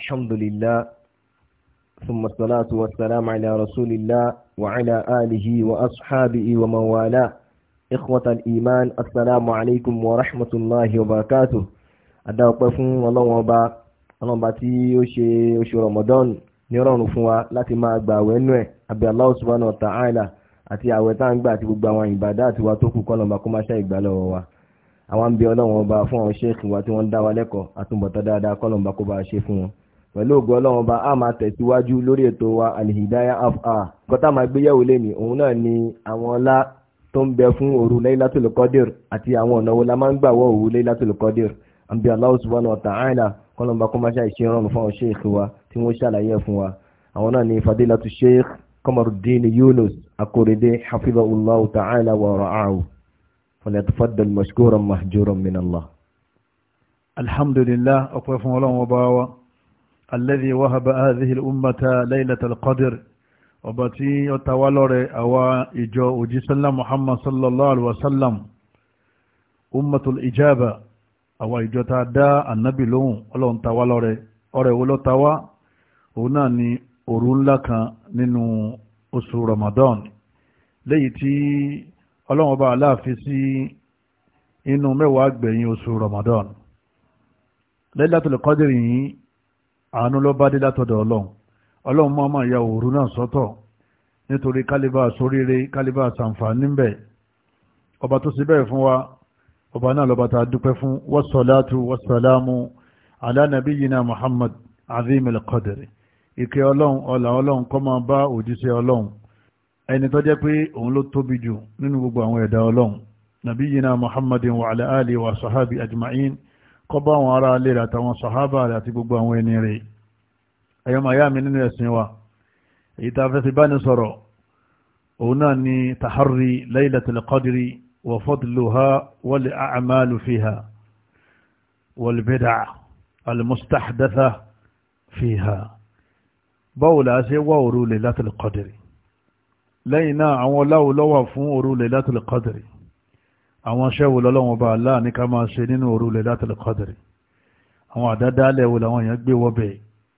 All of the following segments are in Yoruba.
الحمد لله ثم الصلاة والسلام على رسول الله وعلى آله وأصحابه ومن والاه إخوة الإيمان السلام عليكم ورحمة الله وبركاته adáwọ̀pẹ́ fún ọlọ́run ọba ọlọ́run ọba tí ó ṣe oṣù ramadan ní ọ̀rọ̀rùn fún wa láti máa gba àwẹ̀ nú ẹ̀ àbí Allah subhanahu wa ta'ala àti àwẹ̀ tá à ń gbà àti gbogbo àwọn ìbàdá àti wa tó kù kọ́ lọ́nà kó má ṣe ìgbà lọ́wọ́ wa àwọn ń bẹ ọlọ́run ọba fún àwọn ṣéèkì wa tí wọ́n ń dá wa lẹ́kọ̀ọ́ àtúbọ̀tán dáadáa kọ́ lọ́nà kó bá ṣe fún wọn pẹ̀lú ògùn ọlọ́run bá a máa tẹ̀síwájú lórí ètò wa alihidaya afa kọ́tà máa gbéyàwó lẹ́nu òun náà ni àwọn ọlá tó ń bẹ fún òru Laylatul Qadr àti àwọn ọ̀nà wo la máa ń gbà wọ òru Laylatul Qadr àbí Allah subhanahu wa ta'ala kọ́lọ́mbà kó máa ṣàìṣe rọrùn fáwọn sheikh wa tí wọ́n ṣàlàyé fún wa àwọn náà ni fadilatu sheikh Qamaruddin Yunus Akorede hafizahullahu ta'ala fún ọlọ́run ọba wa alladhi wahaba hadhihi al-ummata laylatal qadr ọba tí ó tawá lọ́rẹ̀ àwa ìjọ òjísánlá muhammad sallallahu alaihi wasallam ummatul ijaba àwa ìjọ ta dá annabi lóhùn ọlọ́run tawá lọ́rẹ̀ ọrẹ̀ wo ló tawá òun náà ni òru ńlá kan nínú oṣù ramadan léyìí tí ọlọ́run ọba aláàfin sí inú mẹ́wàá gbẹ̀yìn oṣù ramadan laylatul qadr yìí àánú ló bá dé látọ̀dọ̀ ọlọ́run ọlọ́run máa máa ya òru náà sọ́tọ̀ nítorí kálíbà sóríire kálíbà sàǹfààní ń bẹ̀ ọba tó sì bẹ́ẹ̀ fún wa ọba náà lọ́ba tá a dúpẹ́ fún wassalatu wassalamu ala nabiyyina muhammad azim al-qadri ìkẹ́ ọlọ́run ọlà ọlọ́run kó máa bá òjíṣẹ́ ọlọ́run ẹni tó jẹ́ pé òun ló tóbi jù nínú gbogbo àwọn ẹ̀dá ọlọ́run nabiyyina muhammadin wa ala alihi wa sahabi ajma'in kọ́ bá àwọn ará alẹ́ rẹ̀ àtàwọn sàhábà rẹ̀ àti gbogbo àwọn ẹni rẹ̀ ẹ̀yọ́ màyá mi nínú ẹ̀sìn wa èyí tá a fẹ́ fi bá ní sọ̀rọ̀ òun náà ni tahari laylatul qadri wa àwọn aṣẹ́wò lọ́lọ́wọ́n bá aláà ní ká máa ṣe nínú òru lè látàlẹ̀ kọ́dìrì àwọn àdádálẹ̀ wo làwọn èèyàn gbé wọ́bẹ̀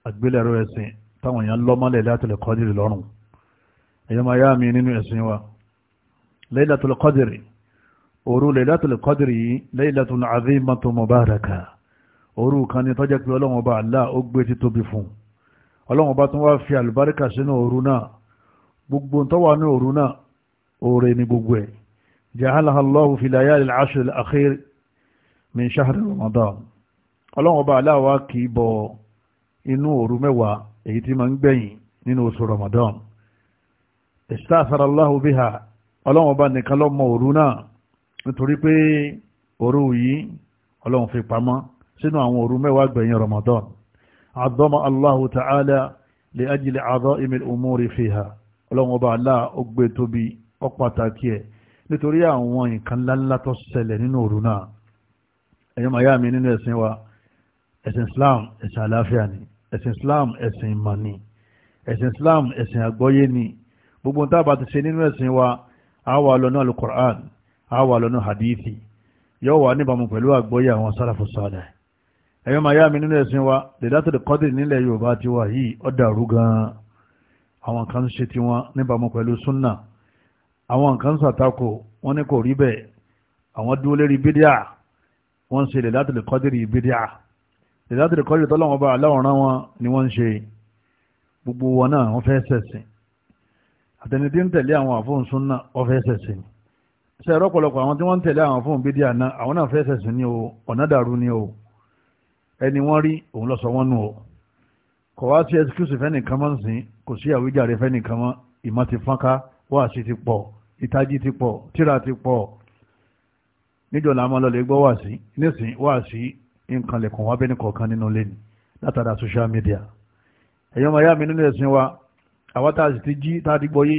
àgbélẹ̀rọ ẹ̀sìn táwọn èèyàn lọ́mọ́lẹ̀ látàlẹ̀ kọ́dìrì lọ́rùn èèyàn máa yá mi nínú ẹ̀sìn wa lẹ́yìnlátàlẹ̀ kọ́dìrì òru lè látàlẹ̀ kọ́dìrì yìí lẹ́yìnlátàlẹ̀ azimatu mubaraka òru kan ni tọ́jẹ́ pé ọlọ́wọ́n bá aláà ó gbé ti tóbi fún ọlọ́wọ́n bá tún wá fi àlùbáríkà sínú òru náà gbogbo tó ní òru náà oore ni gbogbo ẹ̀ ja'alaha Allahu fi layali al-ashr al-akhir min shahri Ramadan ọlọ́run ọba aláwa kì í bọ inú òru mẹ́wàá èyí tí máa ń gbẹ̀yìn nínú oṣù Ramadan ista'thara Allahu biha ọlọ́run ọba nìkan ló mọ òru náà nítorí pé òru yìí ọlọ́run fi pamọ́ sínú àwọn òru mẹ́wàá gbẹ̀yìn Ramadan adama Allahu ta'ala li ajli 'aza'imi al-umuri fiha ọlọ́run ọba aláà ó gbé e tóbi ó pàtàkì ẹ̀ nítorí àwọn nǹkan ńláńlá tó ṣẹlẹ̀ nínú òru náà ẹ̀yọ́ màyá mi nínú ẹ̀sìn wa ẹ̀sìn Islam ẹ̀sìn àlàáfíà ni ẹ̀sìn Islam ẹ̀sìn ìmọ̀ ni ẹ̀sìn Islam ẹ̀sìn àgbọ́yé ni gbogbo tá a bá ti ṣe nínú ẹ̀sìn wa a wà lọ́nà alukur'an a wà lọ́nà hadithi yóò wà níbàámu pẹ̀lú àgbọ́yé àwọn sálàfù sálẹ̀ àwọn nǹkan ṣàtakò wọ́n ní kò rí bẹ́ẹ̀ àwọn dúró lérí bídíà wọ́n ń ṣe lèlátìlì kọ́dìrì bídíà lèlátìlì kọ́dìrì tọ́lọ́wọ́n bá aláwòrán wọn ni wọ́n ń ṣe gbogbo wọn náà wọ́n fẹ́ ṣẹ̀sìn àtẹnidí ń tẹ̀lé àwọn àfóhùn súnà wọ́n fẹ́ ṣẹ̀sìn ṣe ẹ̀rọ pọ̀lọpọ̀ àwọn tí wọ́n ń tẹ̀lé àwọn àfóhùn bídíà náà àwọn náà fẹ́ ṣẹ̀sìn ni o ọ̀nà dàrú ni o ẹni wọ́n rí òun lọ sọ wọ́n nù o kò wá sí ẹsikúsì fẹ́nìkan mọ́ sí kò sí àwíjàre fẹ́nìkan mọ́ ìmọ̀ ti fọ́nká wáàsí ti pọ̀ ìtají ti pọ̀ tíra ti pọ̀ níjọ́ làwọn ọlọ́lẹ̀ gbọ́ wáàsí nísìn wáàsí nǹkan lẹ̀kùn wá bẹ́ẹ̀ kọ̀ọ̀kan nínú ilé látara social media ẹ̀yọ́ ọmọ ayá mi nínú ẹ̀sìn wa àwa tá a sì ti jí tá a ti gbọ́ yé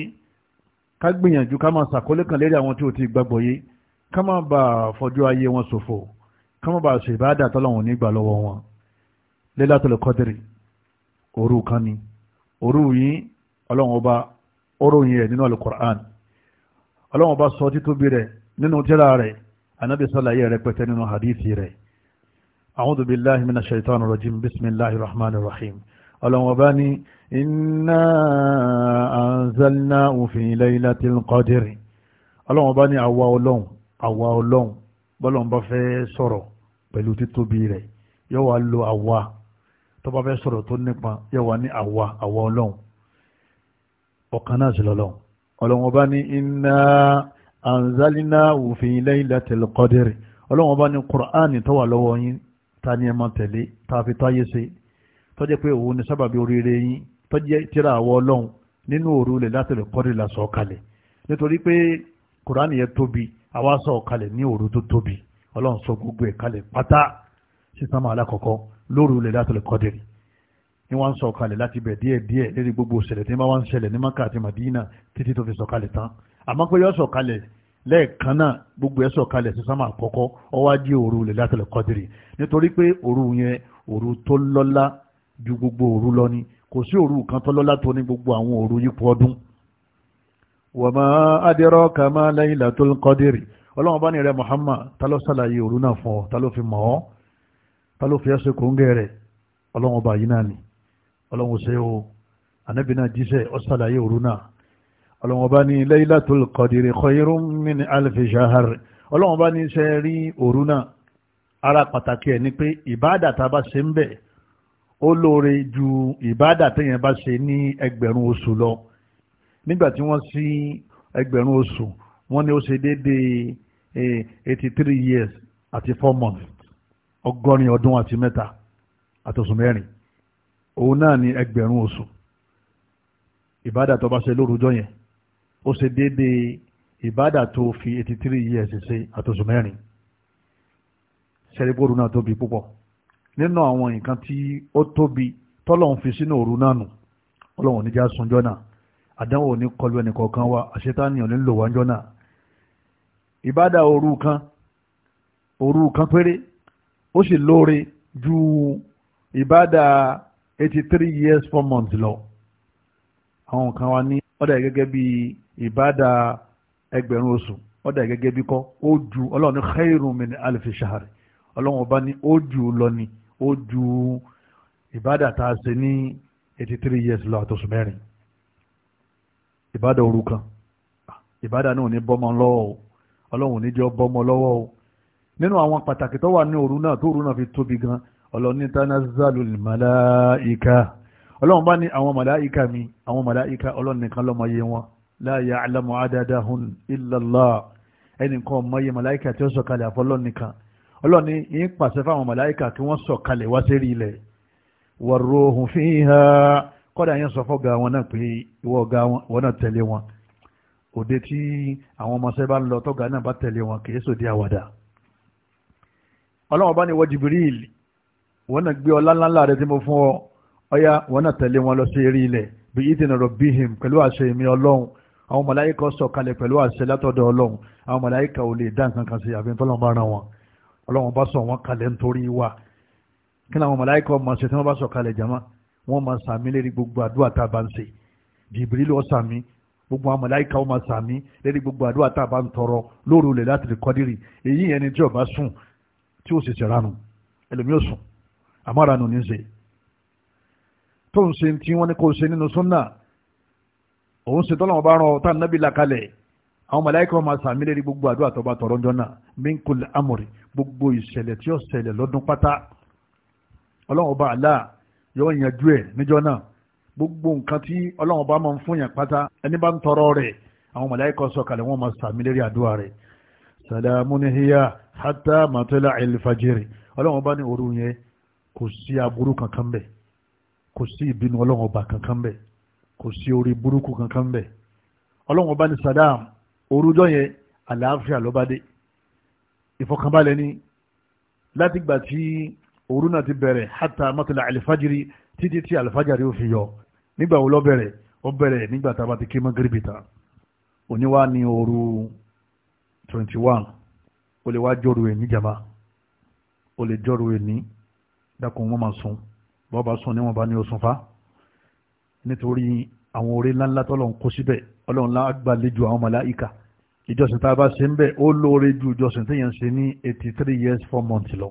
ká gbìyànjú ká máa sàkólé kan lérí àwọn tí ò ti gbàgbọ́ yé ká má bà á fọjú ayé wọn ṣòfò ká má bà á ṣèbáàdà tọ́lọ́wọ̀n nígbà lọ́wọ́ wọn Lailatul Qadri òru kan ni òru yìí ọlọ́run ọba oróyìn ẹ̀ nínú alukur'an ọlọ́wọ́n bá sọ títóbi rẹ̀ nínú tírà rẹ̀ anábì sọ́láyé rẹ̀ pẹ̀tẹ́ nínú hadithi rẹ̀ a'udhu billahi minash shaitanir rajim bismillahir rahmanir rahim ọlọ́wọ́n bá ní inna anzalnahu fi laylatil qadr ọlọ́wọ́n bá ní àwa ọlọ́run àwa ọlọ́run bọ́lọ́n bá fẹ́ sọ̀rọ̀ pẹ̀lú títóbi rẹ̀ yóò wá lo àwa tó bá fẹ́ sọ̀rọ̀ tó nípa yóò wá ní àwa àwa ọlọ́run ọ̀kan náà sí lọ́lọ́ ọlọ́run ọba ní inna anzalnahu fi laylatil qadri ọlọ́run ọba ní kùránì tó wà lọ́wọ́ yín ta ni ẹ máa tẹ̀lé ta fi táyé ṣe tó jẹ́ pé òun ni sábàbí oríire yín tó jẹ́ tíra àwọ̀ ọlọ́run nínú òru Laylatil Qadr la sọ kalẹ̀ nítorí pé kùránì yẹn tóbi àwa sọ kalẹ̀ ní òru tó tóbi ọlọ́run sọ gbogbo ẹ̀ kalẹ̀ pátá sísan máa lákọ̀ọ́kọ́ lóru Laylatil Qadr ni wọ́n ń sọ̀kalẹ̀ láti bẹ̀ díẹ̀ díẹ̀ lérí gbogbo ṣẹlẹ̀ tí ma ń ṣẹlẹ̀ ní maka àti madina títí tó fi sọ̀kalẹ̀ tán àmọ́ pé yọ sọ̀kalẹ̀ lẹ́ẹ̀kan náà gbogbo ẹ̀ sọ̀kalẹ̀ sí sámà àkọ́kọ́ ọwájú òru lè látẹ̀lẹ̀ kọ́dìrì nítorí pé òru yẹn òru tó lọ́lá ju gbogbo òru lọ ni kò sí òru kan tó lọ́lá tó ní gbogbo àwọn òru yípo ọdún. wa ma adraka ma laylatul qadri ọlọ́run bá ní rẹ Muhammad ta ló ṣàlàyé òru náà fún ọ ta ló fi mọ̀ ọ́ ta fi ẹ́ kóńgẹ́ rẹ̀ ọlọ́run ọba yìí náà ni ọlọ́run ṣe o ànábì náà jíṣẹ́ ó ṣàlàyé òru náà ọlọ́run bá ní Laylatul Qadri khayrun min alfi shahr ọlọ́run bá ní ṣe rí òru náà ara pàtàkì ẹ̀ ni pé ìbáàdà tá a bá ṣe ń bẹ̀ ó lóore ju ìbáàdà téèyàn bá ṣe ní ẹgbẹ̀rún oṣù lọ nígbà tí wọ́n sí ẹgbẹ̀rún oṣù wọ́n ní ó ṣe déédéé eighty three years àti four months ọgọ́rin ọdún àti mẹ́ta àtọ̀sùn mẹ́rin òun náà ni ẹgbẹ̀rún oṣù ìbádà tó bá ṣe lórúkọ yẹn ó ṣe déédéé ìbádà tó fi 83 years ṣe àtòṣù mẹ́rin ṣẹ́rìbóòrù náà tóbi púpọ̀ nínú àwọn nǹkan tí ó tóbi tọ́lọ́hún fi sínú òru náà nù ọlọ́hún níjà sunjọ́ náà àdánwò ní kọlu ẹnìkọ̀ọ̀kan wa àṣetánìyàn ní lò wájọ́ náà ìbádà òru kan òru kan péré ó sì lóore ju ìbádà 83 years 4 months lọ àwọn kan wa ní ọ̀dà gẹ́gẹ́ bí ìbáda ẹgbẹ̀rún oṣù ọ̀dà gẹ́gẹ́ bí kọ́ ó ju ọlọ́run ní khairun min alfi shahari ọlọ́run ọba ní ó ju lọ ni ó ju ìbáda tá a ṣe ní eighty years lọ àtọ̀sùn mẹ́rin ìbáda òru kan ìbáda náà ní bọ́mọ lọ́wọ́ o ọlọ́run ò ní jẹ́ bọ́mọ lọ́wọ́ o nínú àwọn pàtàkì tó wà ní òru náà tó òru náà fi tóbi gan-an ọlọ́ni tánázàlù màláìka ọlọ́run bá ní àwọn màláìka mi àwọn màláìka ọlọ́run nìkan ló mọ iye wọn la ya'lamu adadahun illa Allah ẹnìkan mọ iye màláìka tí ó sọ̀kalẹ̀ àfọlọ́ nìkan ọlọ́run ní yín pàṣẹ fáwọn màláìka kí wọ́n sọ̀kalẹ̀ wá sí ilẹ̀ warruhu fiha kọ́dà yẹn sọ fọ́gà wọn náà pé ìwọ ọ̀gá wọn náà tẹ̀lé wọn òde tí àwọn ọmọọṣẹ́ bá ń lọ tọ́gà náà bá tẹ̀lé wọn kì í sòdí àwàdà ọlọ́run bá ní wọ Jibril wọ́n náà gbé ọlá ńláńlá rẹ tí mo fún ọ ọyá wọ́n náà tẹ̀lé wọn lọ sí eré ilẹ̀ bí ìdènà rọ̀ bí him pẹ̀lú àṣẹ ìmí ọlọ́run àwọn màláíkà sọ̀kalẹ̀ pẹ̀lú àṣẹ látọ̀dọ̀ ọlọ́run àwọn màláíkà ò lè dá nǹkan kan sí àfi tọ́lọ́run bá ran wọn ọlọ́run bá sọ wọn kalẹ̀ nítorí wa kí ni àwọn màláíkà ọmọ ṣe tí wọ́n bá sọ̀kalẹ̀ jama wọ́n máa sàmí lérí gbogbo àdúrà tá a bá ń ṣe jìbìrì lọ sàmí gbogbo àwọn màláíkà ọmọ sàmí lérí gbogbo àdúrà tá a bá ń tọrọ lóru lè láti kọ́dírì èyí ẹni tí ó sùn tí ó sì ṣèrànù ẹlòmíì ó sùn àmọ́ra nù ní ṣe tó ń ṣe tí wọ́n ní kó ṣe nínú súnà òun ṣe tọ́lọ́wọ́ bá rán ọ tá nábì làkalẹ̀ àwọn màláíkà máa sàmì lérí gbogbo àdúrà tó bá tọrọ jọ́nà min kulli amri gbogbo ìṣẹ̀lẹ̀ tí ó ṣẹlẹ̀ lọ́dún pátá ọlọ́wọ́ bá àlá yóò yanjú ẹ̀ níjọ́ náà gbogbo nǹkan tí ọlọ́wọ́ máa ń fún yàn pátá ẹni bá ń tọrọ rẹ̀ àwọn màláíkà sọ̀kalẹ̀ wọ́n máa sàmì lérí àdúrà rẹ̀ salamun hiya hatta matla' al-fajr ọlọ́wọ́ bá ní òru yẹn kò sí aburú kankan bẹ́ẹ̀ kò sí ìbínú ọlọ́run ọba kankan bẹ́ẹ̀ kò sí orí burúkú kankan bẹ́ẹ̀ ọlọ́run ọba ní Saddam orújọ́ yẹn àlàáfíà ló bá dé ìfọkànbalẹ̀ ni látìgbà tí òru náà ti bẹ̀rẹ̀ hátà mọ́tòlá àlìfájìrì títí tí àlìfájìrì ó fi yọ nígbà wo ló bẹ̀rẹ̀ ó bẹ̀rẹ̀ nígbà tá a bá ti kí mọ́gírìbì ta òní wá ní twenty one ó lè wá jọ́ru ẹ̀ níjàmbá ó lè jọ́ru ẹ̀ ní dákun wọn máa sun bọ́ọ̀bá sun níwọ̀n bá ní oṣù fa nítorí àwọn orí ńláńlá tọ́lọ́run kó síbẹ̀ ọlọ́run lágbàlejò àwọn màláíkà ìjọsìn tá a bá ṣe ń bẹ̀ ó lóore ju ìjọsìn téèyàn ṣe ní eighty three years four months lọ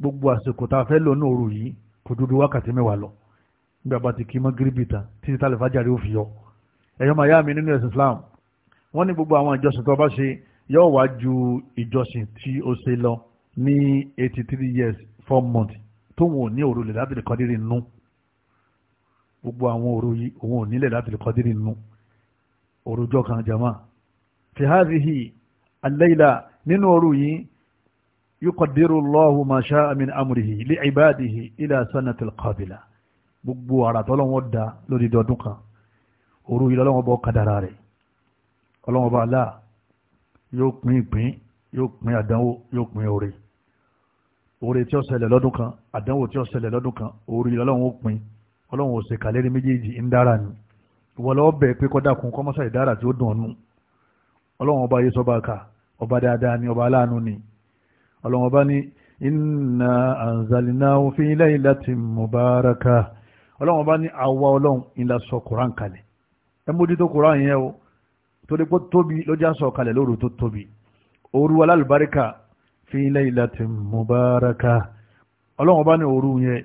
gbogbo àsìkò tá a fẹ́ lò ní òru yìí kò dúdú wákàtí mẹ́wàá lọ nígbà bá ti kí mọ́ gíríbì tán títí tá a lè fájàre ó fi yọ ẹ̀yọ́ màá yá mi nínú ẹ̀sìn Islam wọ́n ní gbogbo àwọn ìjọsìn tó bá ṣe yóò wá ju ìjọsìn tí ó ṣe lọ ní eighty three years four months tóun ò ní òru Lailatul Qadr nù gbogbo àwọn òru yìí òun ò ní Lailatul Qadr nù òru jọ kan jama fi hadhihi al-layla nínú òru yìí yukadiru Allahu ma sha'a min amrihi li ibadihi ila sanatil qabila gbogbo ara tọ́lọ́wọ́ da lórí dọdún kan òru yìí lọ́wọ́ bọ́ kadara rẹ̀ ọlọ́wọ́ bá láà yóò pín ìpín yóò pín àdánwò yóò pín oore oore tí ó ṣẹlẹ̀ lọ́dún kan àdánwò tí ó ṣẹlẹ̀ lọ́dún kan oore ọlọ́run ó pin ọlọ́run ò ṣèkàlérí méjèèjì ń dára ni ìwọ lọ́wọ́ bẹ̀ pé kọ́dàkùn kọ́mọ́sà ìdára tí ó dùn ọ́nù ọlọ́run ọba yé sọba ká ọba dáadáa ni ọba aláàánú ni ọlọ́run ọba ní inna anzalnahu fi laylatin mubarakah ọlọ́run ọba ní àwa ọlọ́run ìlà sọ kùrán kalẹ̀ fi laylatin mubaraka ọlọ́run bá ní òru yẹn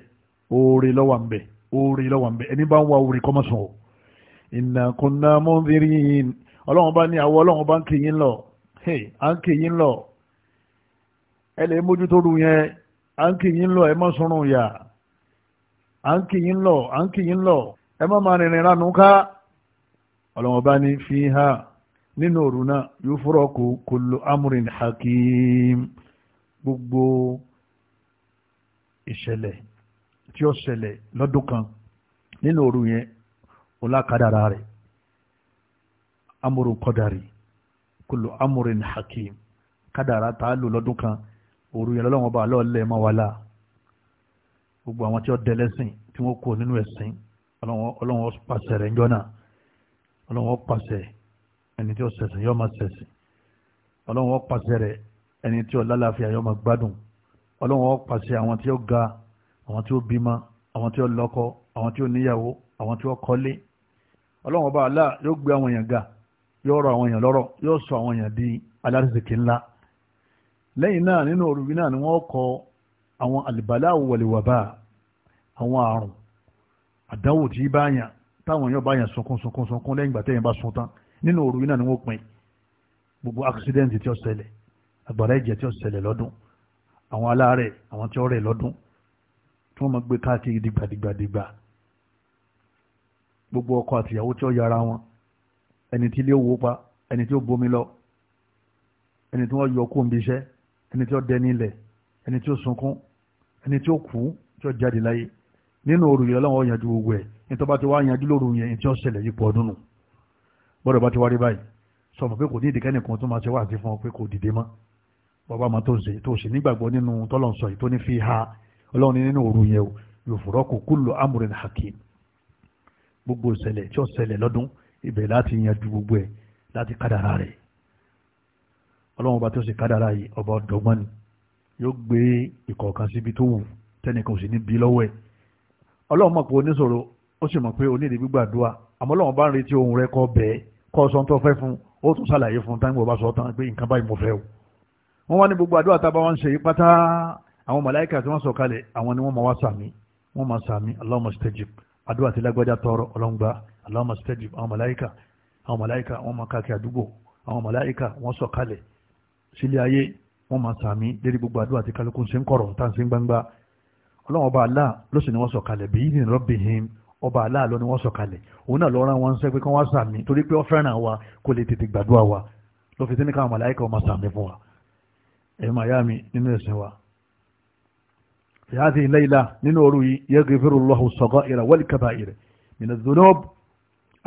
oore lọ́wọ́ nbẹ ẹni bá ń oore o inna kunna munzirin ọlọ́run bá ní àwọ ọlọ́run bá ń kì lọ à ń kì lọ ẹ lè mójútó ru yẹn à ń kì lọ ẹ má sọrùn yà à ń lọ à ń lọ hakim. gbogbo ìṣẹ̀lẹ̀ tí ó ṣẹlẹ̀ lọ́dún kan nínú òru yẹn kadara rẹ̀ amúrun kulu amúrin hakim kadara tá a lò lọ́dún kan òru yẹn lọ́lọ́wọ́n bá lọ́ọ̀lẹ́ máa wà láà gbogbo àwọn tí ó dẹlẹ́sìn tí wọ́n kó nínú ẹ̀sìn ọlọ́wọ́n pàṣẹ rẹ̀ ńjọ́ náà pàṣẹ ẹni tí ó yọ́ máa pàṣẹ rẹ̀ ẹni tí ó lálàáfíà yóò máa gbádùn ọlọ́run ó pàṣẹ àwọn tí ó ga àwọn tí ó bímọ àwọn tí ó lọ́kọ àwọn tí ó níyàwó àwọn tí ó kọ́lé ọlọ́run ọba àlá yóò gbé àwọn èèyàn ga yóò rọ àwọn èèyàn lọ́rọ̀ yóò sọ àwọn èèyàn di alárìsìkì ńlá lẹ́yìn náà nínú òrùbí náà ni wọ́n kọ àwọn àlìbálá wọlìwàbá àwọn àrùn àdánwò tí báyàn táwọn èèyàn báyàn sunkún sunkún sunkún lẹ́yìn àgbàrá ẹ̀jẹ̀ tí ó ṣẹlẹ̀ lọ́dún àwọn aláàárẹ̀ àwọn tí ó rẹ̀ lọ́dún tí wọ́n máa gbé káàkiri dìgbàdìgbàdìgbà gbogbo ọkọ àtìyàwó tí ó yára wọn ẹni tí ilé owó pa ẹni tí ó bomi lọ ẹni tí wọ́n yọ kó ń bí iṣẹ́ ẹni tí ó dẹni ilẹ̀ ẹni tí ó sunkún ẹni tí ó kú tí ó jáde láyé nínú òru yìí ọlọ́wọ́ yanjú gbogbo ẹ̀ ní tó ti wá yanjú lóru yẹn tí ó ṣẹlẹ̀ yípo ọdún nù bọ́dọ̀ bá ti wá rí báyìí sọ pé kò ní ìdíkẹ́ nìkan tó máa ṣe wá àti fún ọ pé kò dìde mọ́ bàbá ma tó ń ṣe tó ṣe nígbàgbọ́ nínú tọ́lọ̀ sọ yìí tó ní fi ha ọlọ́run ní nínú òru yẹn o yufraku kullu amrin hakim gbogbo ìṣẹ̀lẹ̀ tí ó ṣẹlẹ̀ lọ́dún ibẹ̀ láti yanjú gbogbo ẹ̀ láti kádàrà rẹ̀ ọlọ́run ọba tó ṣe kádàrà yìí ọba ọ̀dọ́gbọ́n ni yóò gbé ìkọ̀ọ̀kan síbi tó wù tẹ́nìkan ò sì ní bí lọ́wọ́ ẹ̀ ọlọ́run mọ̀ pé oníṣòro ó sì wọ́n wá ní gbogbo àdúrà tá a bá wọn ṣe yí pátá àwọn màláìkà tí wọ́n sọ kalẹ̀ àwọn ni wọ́n máa wá sàmì wọ́n máa sàmì Allahumma stajib àdúrà tí lágbájá tọrọ ọlọ́ngbà Allahumma stajib àwọn màláìkà àwọn màláìkà wọ́n máa káàkiri àdúgbò àwọn màláìkà wọ́n sọ kalẹ̀ sílé ayé wọ́n máa sàmì lérí gbogbo àdúrà tí kálukú ṣe ń kọ̀rọ̀ tá ọba Allah ló sì ni wọ́n sọ kalẹ̀ bí yìí rabbihim ọba Allah ló ni wọ́n òun náà lọ́ọ́ rán wọn sẹ́ pé kán wá sàmì torí pé ó wa kó lè tètè gbàdúrà wa ló fi sí ní káwọn màláìkà ọmọ sàmì fún wa ẹ̀yìn miami nínú ẹ̀sìn wa fìyàtì layla nínú òru yìí yaghfiru Allahu sagha'ira wal kaba'ira min adh-dhunub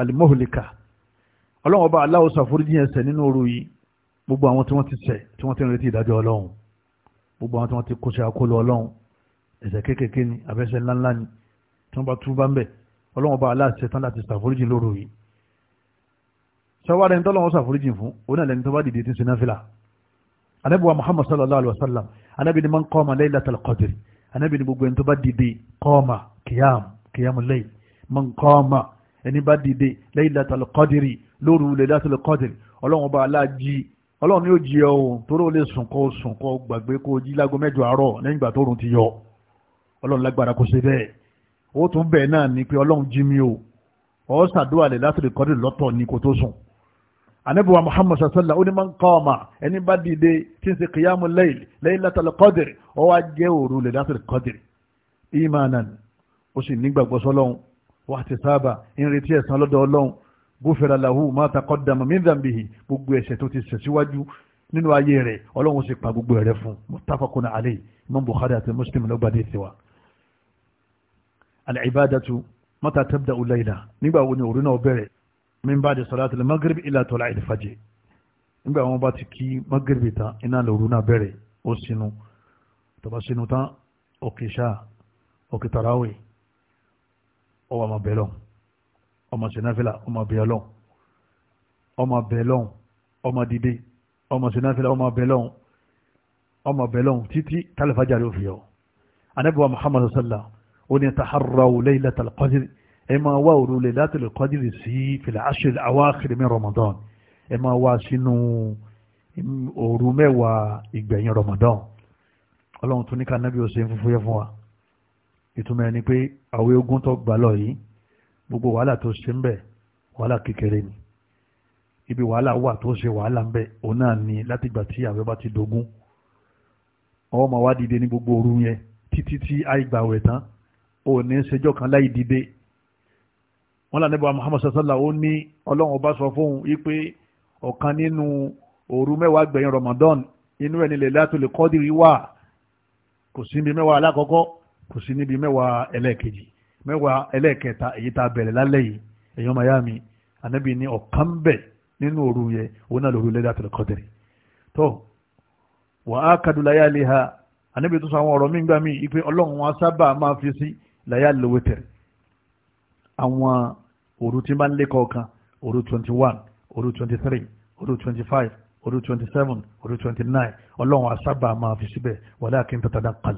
al-muhlika ọlọ́run ọba Allahu ṣàforíjì ẹ̀ṣẹ̀ nínú òru yìí gbogbo àwọn tí wọ́n ti ṣẹ̀ tí wọ́n ti retí ìdájọ́ ọlọ́run gbogbo àwọn tí wọ́n ti kóṣe àkóló ọlọ́run ẹ̀ṣẹ̀ kéékèèké ni àbẹ́ṣẹ̀ ńláńlá ni tí wọ́n bá túbá ń bẹ̀ ọlọ́run ọba anabi wa muhammad sallallahu alaihi wasallam anabi ni man qama laylatal qadr anabi ni gbogbo ẹni tó bá dìde qama qiyam qiyamul layl man qama ẹni bá dìde laylatal qadr lóru laylatal qadr ọlọ́run bá aláàjì ọlọ́run ni ó jí ọ o torí ó lè sùn kó sùn kó gbàgbé kó jí lágo mẹ́jọ àárọ̀ lẹ́yìn ìgbà tóòrùn ti yọ ọlọ́run lágbára kó ṣe bẹ́ẹ̀ ó tún bẹ́ẹ̀ náà ni pé ọlọ́run jí mi o ọ̀ ṣàdúrà laylatal qadr lọ́tọ̀ ni kó tó sùn anabiwa muhammad sasala ó ní máa ń kọ́ ọmọ ẹni bá dìde tí ń ṣe kìyàmù layl laylatul qadr ó wá jẹ́ òru laylatul qadr imanan ó sì nígbàgbọ́ sọ́lọ́hún wà ti sábà ń retí ẹ̀san lọ́dọ̀ ọlọ́hun gufira lahu ma taqaddama min dhanbihi gbogbo ẹ̀ṣẹ̀ tó ti ṣẹ̀ síwájú nínú ayé rẹ̀ ọlọ́run sì pa gbogbo ẹ̀rẹ́ fún muttafaqun alayhi imam bukhari àti muslim ló gbadé tiwa. al-ibadatu mata tabda'u layla nígbà wo ni òru náà bẹ̀rẹ̀ min ba'di salati al-maghrib ila tola'i al-fajr nígbà wọn bá ti kí maghrib tán iná lòru náà bẹ̀rẹ̀ ó sinú tó bá sinú tán òkè ṣá òkè tarawih ọwọ́ ọmọ bẹ̀lọ́ ọmọ sinafila ọmọ bẹ̀lọ́ ọmọ bẹ̀lọ́ ọmọ dìde ọmọ sinafila ọmọ bẹ̀lọ́ ọmọ bẹ̀lọ́ títí tálífàjà ló fi yọ anabi wa muhammadu sallallahu ó ní taharraw laylatal qadr ẹ máa wá òru Laylatul Qadr sí fil ashr al-awakhir min Ramadan ẹ máa wá sínú mm, òru mẹ́wàá ìgbẹ̀yìn Ramadan ọlọ́run tún ní ká nábì ọ̀sẹ̀ fúnfún yẹ fún wa ìtumọ̀ ẹni pé àwẹ̀ ogún tó gbà lọ yìí gbogbo wàhálà tó ṣe ń bẹ̀ wàhálà kékeré ni ibi wàhálà wà tó ṣe wàhálà ń bẹ̀ òun náà ni látìgbà tí àwẹ̀ bá ti dogun ọwọ́ máa wá dìde ní gbogbo òru yẹn títí tí àìgbàwẹ̀ tán òun ní ṣèjọ́ kan wọ́n lànà ìbọn Muhammad sasala ó ní ọlọ́run ọba sọ fóun wípé ọ̀kan nínú òru mẹ́wàá gbẹ̀yìn Ramadan inú ẹ̀ nílẹ̀ látò lè kọ́ dìrí wà kò sí níbi mẹ́wàá alákọ̀ọ́kọ́ kò sí níbi mẹ́wàá ẹlẹ́ẹ̀kejì mẹ́wàá ẹlẹ́ẹ̀kẹta èyí tá a bẹ̀rẹ̀ lálẹ́ yìí èyàn mayami ànábì ní ọ̀kan bẹ̀ nínú òru yẹ òun náà lóru lẹ́dà tẹ̀lé kọ́dẹ̀rì tó wà á kadu láyà lè ipe ọlọ́run wa sábà máa fi àwọn òru tí bá ń lé kọ̀ọ̀kan òru 21 òru 23 òru 25 òru seven òru 29 ọlọ́run asábà máa fi síbẹ̀ walakin tatanaqqal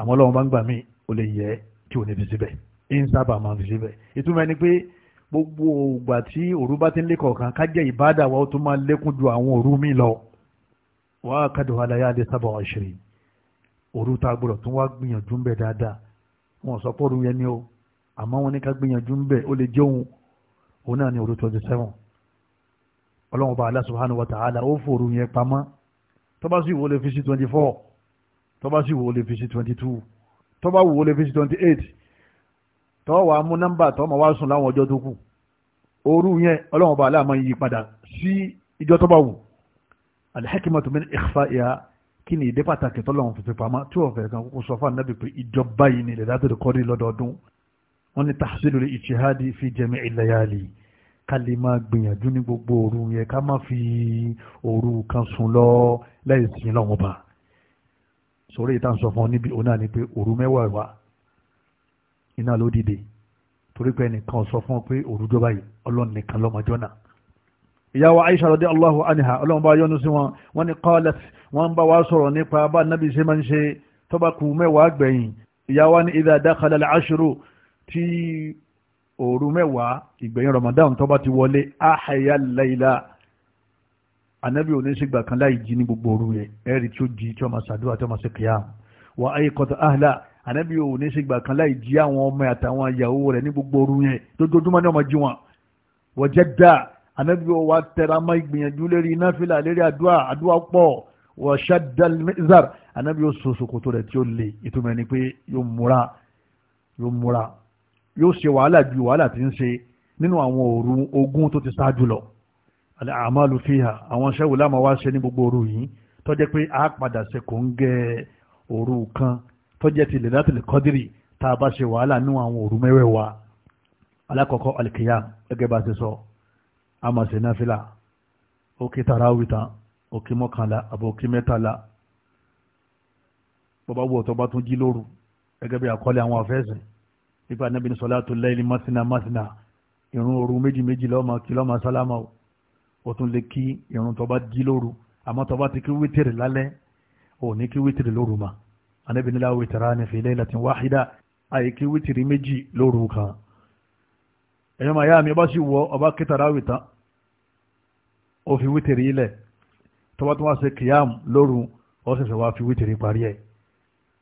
àwọn ọlọ́run bá ń gbà mí o lè yẹ tí o ní fi síbẹ̀ ń sábà máa fi síbẹ̀ ìtumọ̀ ẹni pé gbogbo ògbà tí òru bá ti ń lé kọ̀ọ̀kan ká jẹ́ ìbádà wa ó tún máa lékún ju àwọn òru mi lọ wàá kàdùn aláyá sábà wá ṣe òru tá a gbọdọ̀ tún wá gbìyànjú ń bẹ̀ dáadáa wọn sọ pé òru yẹn ni o àmọ́ wọn ní ká gbìyànjú ń bẹ̀ ó lè jẹ́ òun òun náà ní òru twenty seven ọlọ́run bá Allah subhanahu wa ta'ala ó fòru yẹn pamọ́ tó sì wò ó lè fi sí twenty four tó sì wò ó lè fi sí twenty two tó wò ó lè fi sí twenty eight tó wàá mú nọ́mbà tó ma wá sùn láwọn ọjọ́ tó kù òru yẹn ọlọ́run bá Allah yí padà sí ìjọ tó bá wù al-hikmatu min ikhfa'iha kí ni ìdí pàtàkì tọ́lọ́run fífi pamọ́ tí wọ́n fẹ̀ẹ́ kan kókó sọ fún anábì pé ìjọba yìí ni Lailatul Qadr lọ́dọọdún wọ́n ní tahsilu li ijtihadi fi jami'il layali ká lè máa gbìyànjú ní gbogbo òru yẹn ká má fi òru kan sùn lọ lẹ́yìn sí lọ́wọ́n bá sọ̀rọ̀ ìta ń sọ fún ọ níbi òun náà ni pé òru mẹ́wàá wà iná ló dìde torí pé ẹnìkan sọ fún ọ pé òru jọba yìí ọlọ́run lọ́mọjọ́ náà ìyàwó Aisha radiyallahu anha ọlọ́run bá yọ́nú sí wọn wọ́n ní qalat wọ́n bá wá sọ̀rọ̀ nípa bá nábì ṣe máa ń ṣe tó bá kù mẹ́wàá gbẹ̀yìn ìyàwó ní idha dakhala al-ashru tí òru mẹ́wàá ìgbẹ̀yìn Ramadan tó bá ti wọlé ahya al-layla anabi òní sígbà kan láì jí ní gbogbo òru yẹ ẹ̀rì tí ó jí tí wọ́n máa ṣàdúrà tí wọ́n máa ṣe qiyam wa ayqadha ahla anabi òní kan láì jí àwọn ọmọ àtàwọn ìyàwó rẹ̀ ní gbogbo òru yẹn lójoojúmọ́ ni wọ́n máa jí wọn wa jadda anabi ó wá tẹra mọ́ ìgbìyànjú lérí náfìlà lérí àdúrà àdúrà pọ̀ wa shaddal mizar anabi ó soso kòtò rẹ̀ tí ó le ìtumọ̀ ni pé yóò múra yóò múra yóò ṣe wàhálà ju wàhálà tí ń ṣe nínú àwọn òru ogún tó ti ṣáájú lọ àmàlù fìhà àwọn sẹ́wò láàmà wá ṣe ní gbogbo òru yìí tó pé a padà ṣe kò ń gẹ òru kan tó jẹ́ ti lèlátìlè kọ́dírì tá a bá ṣe wàhálà nínú àwọn òru mẹ́wẹ̀ẹ́wà alákọ̀ọ́kọ́ alìkìyà gẹ́gẹ́ bá ṣe sọ a máa ṣe náfìlà ó kí tarawih tán ó kí mọ́kànlá àbò kí mẹ́tàlá bọ́bá wù ọ̀tọ́ bá tún jí lóru gẹ́gẹ́ bí àkọlé àwọn afẹ́sìn nípa Ànábì ní salatul layli masina masina ìrun òru méjì méjì lọ́mọ kí lọ́mọ sálámà o ó tún lè kí ìrun tó bá jí lóru àmọ́ tó bá ti kí wítìrì lálẹ́ ò ní kí wítìrì lóru mà Ànábì ní la witrani fi laylatin wahida àyè kí wítìrì méjì lóru kan ẹ̀yọ́ màá yá mi ọba sì wọ ọba kí tarawih tán ó fi wítìrì ilẹ̀ tó bá tún wá ṣe kìyàm lóru ó ṣẹ̀ṣẹ̀ wá fi wítìrì parí ẹ̀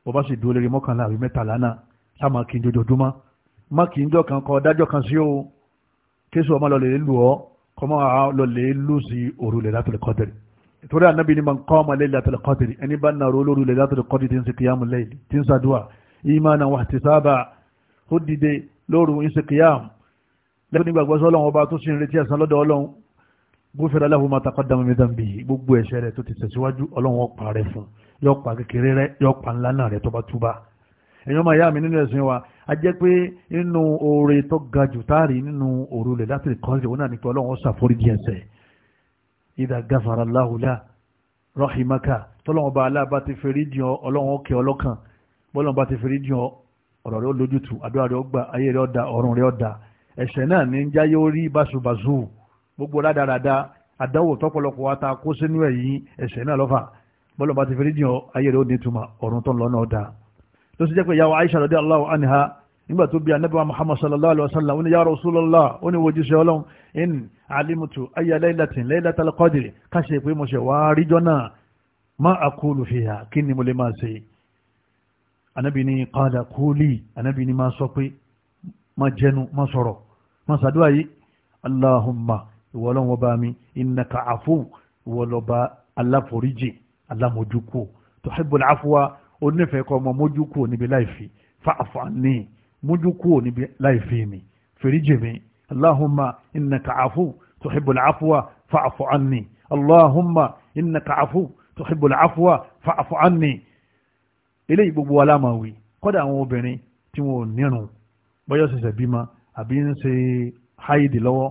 bó bá sì dúró lérí mọ́kànlá àbí mẹ́tàlá náà sáàmà kí n jojoojúmọ́ má kí n jọ kan kọ dájọ́ kan sí o kéṣù ọmọ lọlẹ̀ lù ọ́ kọ́mọ́ lọlẹ̀ lù sí òru Lailatul Qadr torí ànábì ni ma ń kọ́ ọmọ Lailatul Qadr ẹni bá nàró olóru Lailatul Qadr tí ń ṣe kìyàm lẹ́yìn tí ń ṣàdúrà ìmánà wa ihtisaba ó dìde lóru ń ṣe kìyàm lẹ́yìn nígbàgbọ́sọ́ ọlọ́run ọba tó sì ń retí ẹ̀san lọ́dọ̀ ọlọ́run gbófinra aláwo máa takọ́ dàmú mi dàn bíi gbogbo ẹ̀ṣẹ̀ rẹ̀ tó ti tẹ̀síwájú ọlọ́run ọ̀pá rẹ̀ fún yọ pa kékeré rẹ̀ yọ pa ńlá náà rẹ̀ tó bá túbà ẹ̀yọ́ máa yá mi nínú ẹ̀sìn wa a jẹ́ pé nínú oore tó ga jù táàrí nínú òru rẹ̀ láti kọ́ńsì òun náà ni pé ọlọ́run ṣàforíjì ẹ̀ṣẹ̀ ìdá gafara láhùlá rahimaka tọ́lọ́run bá aláàbá ti fèrè jìn ọ ọlọ́run ọkẹ́ ọlọ́kàn bọ́lọ́run bá ti fèrè jìn ọ ọ̀rọ̀ rẹ̀ ó àdúrà rẹ̀ ó ayé rẹ̀ ó ọ̀run rẹ̀ ó ẹ̀ṣẹ̀ náà ní jáyé ó báṣubàṣu gbogbo rádaràda àdánwò tọpọlọpọ wa ta kó sínú ẹ̀yìn ẹ̀ṣẹ̀ náà lọ́fà bọ́lọ̀ bá ti fi rídìí ayé rẹ̀ ó ní túmọ̀ ọ̀run tó ń lọ náà dáa ló sì jẹ́ pé ìyàwó Aisha radiyallahu anha nígbà tó bí anábíwá Muhammad sallallahu alaihi wasallam ó ní ya Rasulullah ó ní wojú sí ọlọ́run in alimutu ayya laylatin laylatal qadri káṣe pé mo ṣe wá ríjọ́ náà ma aqulu fiha kí ni mo lè máa ṣe anábì ní qala quli anábì ní máa sọ pé má jẹnu má sọ̀rọ̀ má sàdúrà yìí Allahumma ìwọ ọlọ́run ọba mi innaka àfò ìwọ lọ́ba aláforíjì alámojúkù tuhibbul afwa onífẹ̀ẹ́ kọ́ ọmọ mójúkù níbi láìfi fa'fu anni mójúkù níbi láìfi mi fèrèjì mi allahumma innaka àfò tuhibbul afwa fa'fu anni allahumma innaka àfò tuhibbul afwa fa'fu anni eléyìí gbogbo wa láàmà wí kọ́dà àwọn obìnrin tí wọn ò nírun bọ́yọ̀ ṣẹ̀ṣẹ̀ bímọ àbí ń ṣe háìdì lọ́wọ́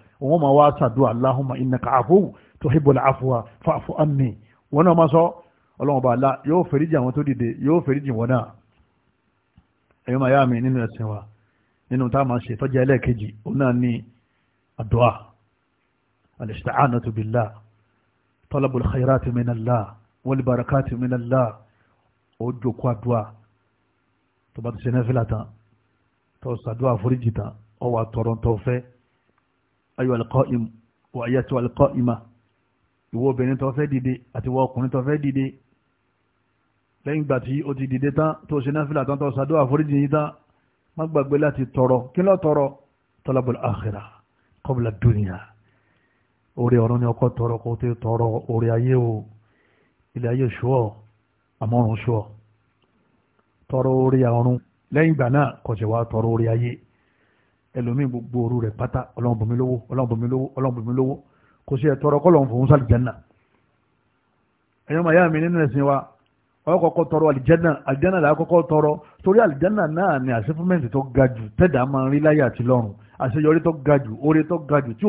òun máa wá sàdúrà Allahumma innaka afuwwun tuhibbul afwa fa'fu anni wọn náà máa sọ ọlọ́run bá la yóò fèríjì àwọn tó dìde yóò fèríjì wọn náà ẹ̀yọ́ máa yá mi nínú ẹ̀sìn wa nínú tá a máa ṣe tọ́jú ẹlẹ́ẹ̀kejì òun náà ní àdúrà al-isti'anatu billah talabul khairati minallah wal barakati minallah ó jòkó àdúrà tó bá ti ṣe náà fìlà tán tó ṣàdúrà foríjì tán ó wà tọrọ tó fẹ́ ayọ̀ àlùkọ́ im wà ayé àti àlùkọ́ ìmà ìwọ obìnrin tó fẹ́ dìde àti ìwọ ọkùnrin tó fẹ́ dìde lẹ́yìn ìgbà tí o ti dìde tán tó ṣe náfìlà tán tó ṣàdó àforíjì yìí tán má gbàgbé láti tọrọ kí ló tọrọ tọ́lábọ̀lá àkhírà kọ́bùlà dúnìyà orí ọ̀run ni ọkọ̀ tọrọ kó tó tọrọ orí ayé o ilé ayé ṣùọ́ àmọ́rùn ṣùọ́ tọrọ orí ọ̀run lẹ́yìn ìgbà náà kọ̀ṣẹ̀ wá tọrọ orí ayé ẹlòmíì gbogbo òru rẹ̀ pátá ọlọ́run bùnmi lówó ọlọ́run bùnmi lówó ọlọ́run bùnmi lówó kò sí ẹ̀tọ́ ọ̀rọ̀ kọ́lọ̀ fòun sàlìjánà ẹ̀yọ́ màá yá mi nínú ẹ̀sìn wa ọ̀rọ̀ kọ́kọ́ tọrọ àlìjánà àlìjánà là á kọ́kọ́ tọrọ torí àlìjánà náà ni àṣefúnmẹ́ǹtì tó ga jù tẹ́dà máa ń rí láyé àti lọ́run àṣeyọrí tó ga jù oore tó ga jù tí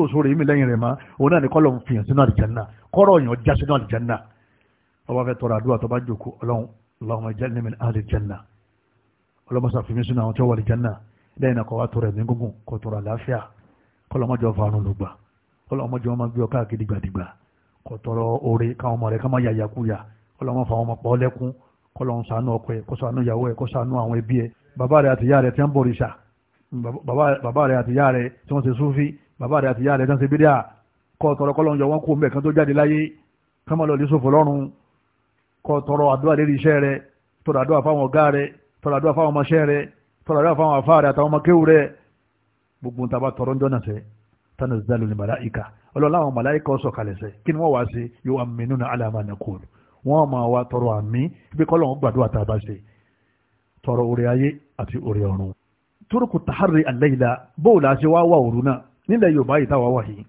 ò lẹ́yìn náà kọ́ wá tọrọ ẹ̀mí gúngùn kọ́ tọrọ àlàáfíà kọ́lọ́mọ́jọ́ farun ló gbà kọ́lọ́mọ́jọ́ máa gbé ọ káàkiri gbàdìgbà kọ́ tọrọ oore káwọn ọmọ rẹ̀ ká má yàyàkúyà kọ́lọ́mọ́ fà wọn mọ̀ pọ́ lẹ́kún kọ́lọ́n ṣàánú ọkọ ẹ̀ kó ṣàánú ìyàwó ẹ̀ kó ṣàánú àwọn ẹbí ẹ̀ bàbá rẹ̀ àti ìyá rẹ̀ ti ń bọ̀rìṣà bàbá rẹ̀ àti ìyá rẹ̀ tí wọ́n ṣe súfì bàbá rẹ̀ àti ìyá rẹ̀ tí wọ́n ṣe bídíà kọ́ tọrọ kọ́lọ́n yọ wọ́n mẹ́ kan tó jáde láyé kọ́mọ lọ lè sòfò lọ́rùn kọ́ tọrọ àdúrà lérí iṣẹ́ rẹ̀ tọrọ àdúrà fáwọn ọ̀gá rẹ̀ tọrọ àdúrà fáwọn ọmọṣẹ́ rẹ̀ tọ́lọ̀rẹ́ fáwọn afáàrẹ àtàwọn ọmọ kéwù rẹ̀ gbogbo ntaba tọrọ njọ́ náà sẹ́ tánà zálù ní màláìka ọlọ́lá àwọn màláìka ọ̀sọ̀ kalẹ̀ sẹ́ kí ni wọ́n wá sí yóò wá mẹ́nu náà aláàmà ní kóòlù wọ́n máa wá tọrọ àmì bí kọ́lọ̀ wọn gbàdúrà tá a bá ṣe tọrọ orí ayé àti orí ọ̀run. turuku tahari alayla bóò la ṣe wá wà òru náà nílẹ̀ yorùbá yìí táwa wà yìí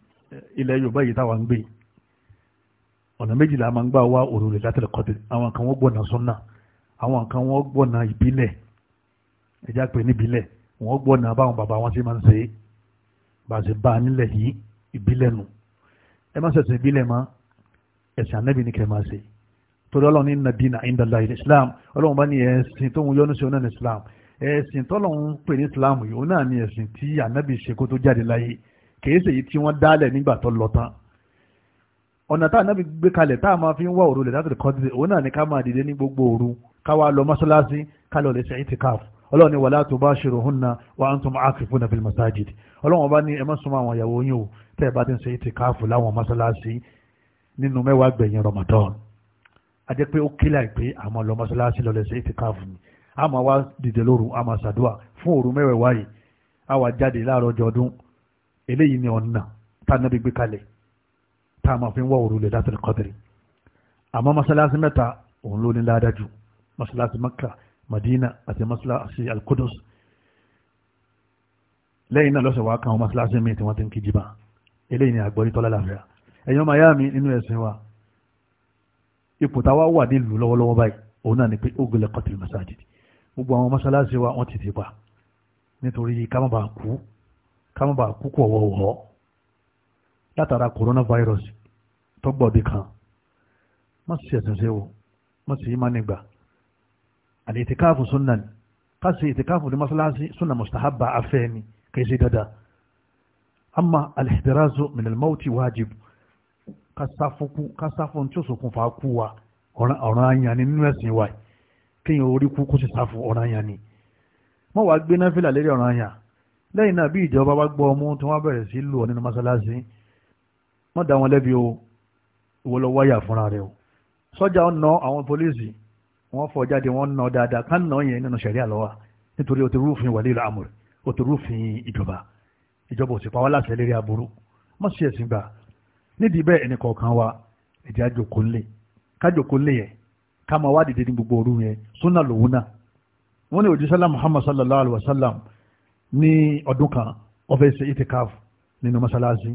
ilẹ̀ yorùbá yìí táwa ń gbé ọ̀nà méjìlá máa ń gbà wá òru lè látẹ̀lẹ̀ kọ́tẹ̀ àwọn kan wọ́n gbọ́nà sunna àwọn kan wọ́n gbọ́nà ìbílẹ̀ ẹja pé níbílẹ̀ wọ́n gbọ́ náà báwọn bàbá wọn ṣe máa ń ṣe é bàṣẹ bá a nílẹ̀ yìí ìbílẹ̀ nù ẹ má ṣẹ̀ṣẹ̀ ìbílẹ̀ mọ́ ẹ̀sìn anábì ni kẹ́ máa ṣe torí ọlọ́run ní nàdínà ìdàlá islam ọlọ́run bá ní ẹ̀sìn tó ń yọ́nú sí ọ̀nà islam ẹ̀sìn tọ́lọ́run pè ní islam yìí òun náà ní ẹ̀sìn tí anábì ṣe kó tó jáde láyé kìí ṣèyí tí wọ́n dálẹ̀ nígbà tó lọ tán ọ̀nà tá anábì gbé kalẹ̀ tá a máa fi ń wá òru lẹ̀ láti kọ́ ti òun náà ní ká máa dìde ní gbogbo òru ká wá lọ mọ́ṣáláṣí ká lọ lè ṣe ìtìkáfù ọlọ́run ni wàlá tubashiruhunna wa antum akifuna fil masajid ọlọ́run ọba ní ẹ má súnmọ́ àwọn ìyàwó yín o tẹ́ ẹ bá ti ń ṣe ìtìkáàfù láwọn mọ́sálásí nínú mẹ́wàá gbẹ̀yìn Ramadan ajẹ́ pé ó kílà pé àmọ́ lọ mọ́sálásí lọ́lẹ̀ ṣe ìtìkáàfù ni àmọ́ wá dìde lóru a máa fi ń òru lè dátìlẹ̀ kọ́dìrì àmọ́ madina àti masalasi al-Qudus lẹ́yìn náà lọ́sẹ̀ wá kan masalasi mi tí wọ́n ti ń kíjì bá eléyìí ni àgbọ̀rí tọ́lá láfíà ẹ̀yàn miami nínú ẹ̀sìn wa ipò táwa wà nílùú lọ́wọ́lọ́wọ́ báyìí òun náà ni pé ó gbélé kọ́tìlì masajid gbogbo àwọn masalasi wa wọ́n ti ti pa nítorí kámọ́bà kú kámọ́bà kú kọ̀ wọ̀wọ̀ látara coronavirus tọ́gbọ̀dé kan má sì ẹ̀sìn ṣe wò má sì í má nígbà àlètìkáàfù súnà ni káṣí ìtìkáàfù ní masalasi súnà mustahabba afẹ́ ni kìí ṣe dada amma alìhìdírazu minalmauti wajib kásáfún tí ó sọkún fa kú wa ọ̀ràn àyàn ni nínú ẹ̀sìn wa kíyàn orí kú kó sì sáfún ọ̀ràn àyàn ni mọ́ wàá gbé náfìlà lérí ọ̀ràn àyàn lẹ́yìn náà bí ìjọba bá gbọ́ ọmú tí wọ́n bẹ̀rẹ̀ sí lò nínú masalasi mọ́ dá wọn lẹ́bi o ìwọ lọ fúnra rẹ o sọ́jà ọ̀nà àwọn pólísì wọ́n fọ jáde wọ́n nà dáadáa ká nà yẹn nínú sẹ̀ríà lọ́wọ́ nítorí o ti rúfin wàlẹ́ ìlú amúr o ti rúfin ìjọba ìjọba òsì pàwọ́ láti ẹlẹ́rìí aburú má ṣe ẹ̀sìn gbà nídìí bẹ́ẹ̀ ẹnì kọ̀ọ̀kan wa ìdí àjòkólé kájòkólé yẹn ká máa wá dìde gbogbo òru yẹn súnà lòun náà wọ́n ní òjì sálà muhammad sallallahu alayhi wa sallam ní ọdún kan ó fẹ́ ṣe itikaf nínú mọ́sálásí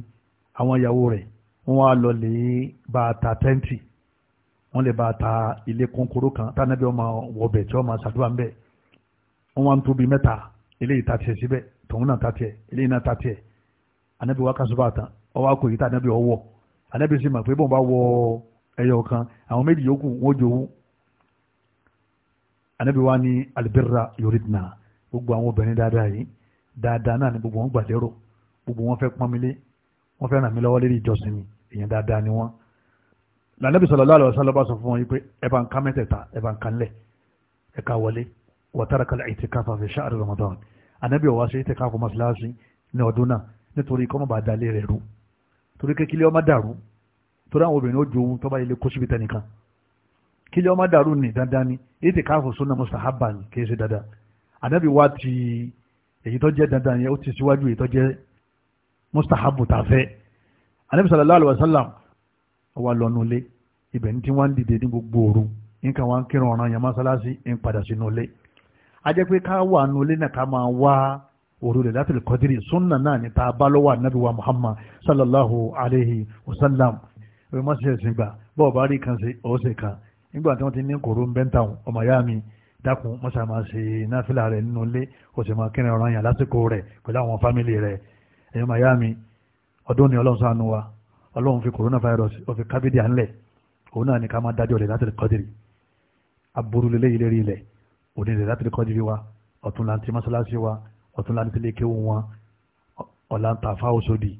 àwọn ìyàwó rẹ̀ wọ́n wá lọ lè bá a wọ́n lè bá ta ilé kónkóró kan tánàbí ọmọ wọ̀bẹ̀ tí ọmọ sàdúrà ń bẹ̀ wọ́n wá ń tóbi mẹ́ta eléyìí ta tiẹ̀ síbẹ̀ tòun náà ta tiẹ̀ eléyìí náà ta tiẹ̀ anabi wa kásùbà tán ọwọ́ akọ yìí tá anabi ọwọ́ anabi sì mà pé bọ́n bá wọ ẹyọ kan àwọn méjì yòókù wọ́n jòwú anabi wa ní alibirra yoridna gbogbo àwọn obìnrin dáadáa yìí dáadáa náà ni gbogbo wọn gbàlérò gbogbo wọn fẹ́ pọ́nmilé wọn fẹ́ ràn mí lọ́wọ́ lérí ìjọsìn mi èèyàn dáadáa ni wọ́n lànàbì sallallahu alaihi wasallam bá sọ fún wọn yìí pé ẹ̀bà nǹkan mẹ́tẹ̀ẹ̀ta ẹ̀bà nǹkan lẹ̀ ẹ̀ka wọlé wọ̀tára kalẹ̀ ìtìkáfà fi ṣáàrì Ramadan ànábì ọ̀wá ṣe ìtìkáfà mọ́ṣáláṣí ní ọdún náà nítorí kọ́mọ́ bá dalé rẹ̀ rú torí pé kílé ọmọ dàrú torí àwọn obìnrin ó ju ohun tó bá ilé kó síbi tẹnìkan kílé ọmọ dàrú ní dandan ni ìtìkáfà sunna mustahaba ni kì í ṣe dandan ànábì wá ti èyí tó jẹ́ dandan yẹn ó ti síwájú ọwọ́ lọ́nu ilé ibẹ̀ ní tí wọ́n ń dìde ní gbogbo òru nǹkan wọn kírun ọ̀ràn yẹn mọ́sálásí ń padà sínú ilé a jẹ́ pé ká wà nù ilé náà ká máa wá òru rẹ̀ láti lè kọ́dírì súnà náà ní ta bá lọ́wọ́ ànábì wa muhammad sallallahu alayhi wa sallam ìwé mọ́sẹ̀ ẹ̀sìn gbà bọ́ọ̀ bá rí kan sí ọ̀ọ́sẹ̀ kan nígbà tí wọ́n ti ní kòró ń bẹ́ńtà ọmọ ìyá mi dákun mọ́sá máa ṣe náfìlà rẹ̀ nínú ilé kò sì máa kírin ọ̀ranyàn lásìkò rẹ̀ pẹ̀lú àwọn fámìlì rẹ̀ ẹ̀yọ́ màyá ọdún ni ọlọ́run ṣàánú wa ọlọ́run fi coronavirus ó fi kábídì ànlẹ̀ òun náà ni ká máa dájọ́ rẹ̀ láti lè kọ́dìrì aburú lélẹ́ ilé ilẹ̀ òní rẹ̀ láti lè kọ́dìrì wa ọ̀tún láti mọ́ṣáláṣí wa ọ̀tún láti lè kéwù wọn ọ̀la ń tàfà òṣòdì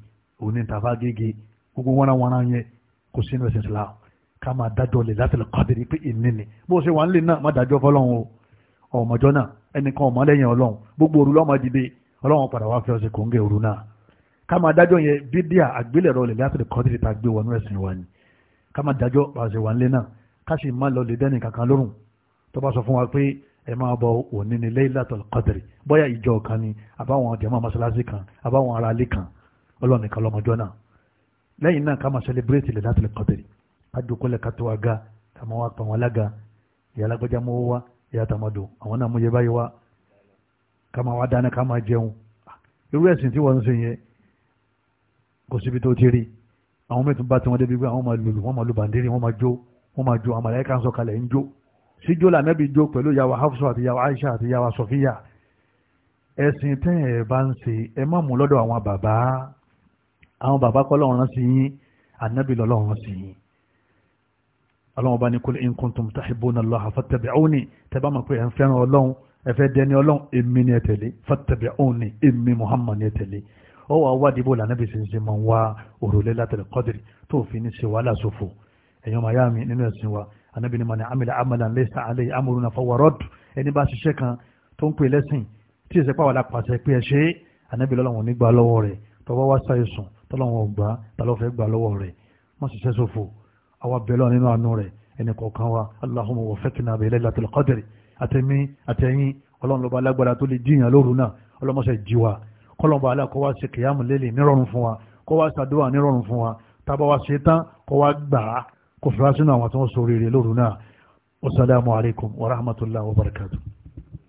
òní ń tàfà gègé gbogbo wọn wọn yẹn kò sínú ẹ̀sìn ìsìlá ká máa dájọ́ rẹ̀ láti lè kọ́dìrì pé ìní ni bó ṣe wà ń lè náà má dájọ́ fọlọ́run o ọmọjọ́ náà ẹnìkan ọmọlẹ́yìn ọlọ́run gbogbo òru lọ́mọ dìde ká máa dájọ́ yẹn bídíà àgbélẹ̀rọ lè láti kọ́dìrì tá a gbé wọnú ẹ̀sìn wa ni ká máa dájọ́ pàṣẹ wà nílé náà ká sì má lọ lè dẹ́nì kankan lórùn tó bá sọ fún wa pé ẹ máa bọ òní ní Laylatul Qadri bóyá ìjọ kan ni àbáwọn jàmá mọ́sálásí kan àbáwọn ará ilé kan ọlọ́run nìkan lọ́mọjọ́ náà lẹ́yìn náà ká sẹlẹ̀bírẹ́tì Laylatul Qadri ká dùkọ́lẹ̀ ká ga ká máa wá pa wọn lága ìyá alágbèjà mọ́wọ́ wa ìyá tàmọ́dọ̀ àwọn náà mú yẹ irú ẹ̀sìn tí wọ́n ń sìn yẹn kò síbi tó ti rí àwọn mẹ́tún bá tiwọn débi pé àwọn máa lùlù wọ́n máa lu bàndírì wọ́n máa jó wọ́n máa jó àmàlẹ́ kan sọ kalẹ̀ ń jó síjó lànàbí jó pẹ̀lú yàwó Hafsa àti yàwó Aisha àti yàwó Sofiya ẹ̀sìn tẹ́ ẹ̀ bá ń ṣe ẹ má mú lọ́dọ̀ àwọn bàbá àwọn bàbá kọ́ lọ́run sí yín ànábì lọ́run sí yín ọlọ́run bá ní kul in kuntum tahibbuna Allah fattabi'uni tẹ́ bá mọ̀ pé ẹ̀ ń fẹ́ràn ọlọ́run ẹ dẹni ọlọ́run èmi ni ẹ tẹ̀lé fattabi'uni èmi Muhammad ni ẹ tẹ̀lé ọ wà wádìí bò lànà bìsí ṣe máa ń wá òrùlé látàrí kọ́dìrì tó fi ní ṣe wàhálà ṣòfò ẹ̀yàn màyá mi nínú ẹ̀sìn wa anábì ni màní amílẹ̀ amalan laysa alayhi amruna fahuwa radd ẹni bá ṣiṣẹ́ kan tó ń pè lẹ́sìn tí ìṣẹ́ pàwọ́ la pàṣẹ pé ẹ ṣe anábì lọ́lọ́wọ́n ní gbà lọ́wọ́ rẹ̀ tọ́wọ́ wá sáyé sùn tọ́lọ́wọ́n gbà tọ́lọ́fẹ́ gbà lọ́wọ́ rẹ̀ má ṣiṣẹ́ ṣòfò àwa bẹ̀rẹ̀ nínú àánú rẹ̀ kọ́lọ̀mbà aláàkọ́ wá ṣe kìyàmù lélẹ̀ nírọ̀rùn fún wa kó wá ṣàdúrà nírọ̀rùn fún wa tábà wá ṣe tán kó wá gbà á kó fura sínú àwọn tó ń sọ rere lóru náà wasalaamu alaykum wa rahmatulahi wa barakatu.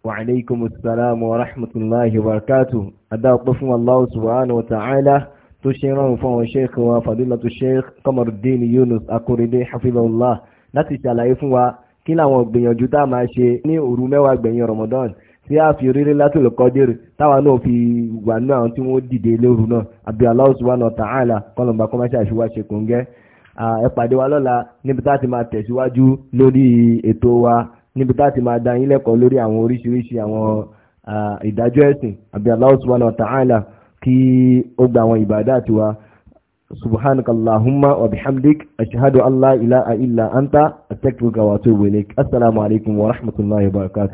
wa aleykum salaamu wa rahmatulahi wa barakatu adáwọ̀pẹ́ fún allahu subhanahu wa ta'ala tó ṣe rọrùn fún àwọn sheikh wa fadilatu sheikh kamarudin yunus akorede hafizahullah láti ṣàlàyé fún wa kí làwọn gbìyànjú tá a máa ṣe ní òru mẹ́wàá gbẹ̀yìn ramadan tí a fi rírí látòlù kọ́dérì táwa náà fi wà náà tí wọ́n dìde lóru náà àbí Allah subhanahu wa ta'ala kọ́lọ̀mbà kọ́máṣẹ́ àṣìwá ṣe kò ń gẹ́ ẹ pàdé wa lọ́la níbi tá a ti máa tẹ̀síwájú lórí ètò wa níbi tá a ti máa dá yín lẹ́kọ̀ọ́ lórí àwọn oríṣiríṣi àwọn ìdájọ́ ẹ̀sìn àbí Allah subhanahu wa ta'ala kí ó gba àwọn ìbàdá àti wa subhanakallahumma wa bihamdik ashhadu an ilaha illa anta astaghfiruka wa atubu ilaik assalamu alaikum wa rahmatullahi wa barakatuh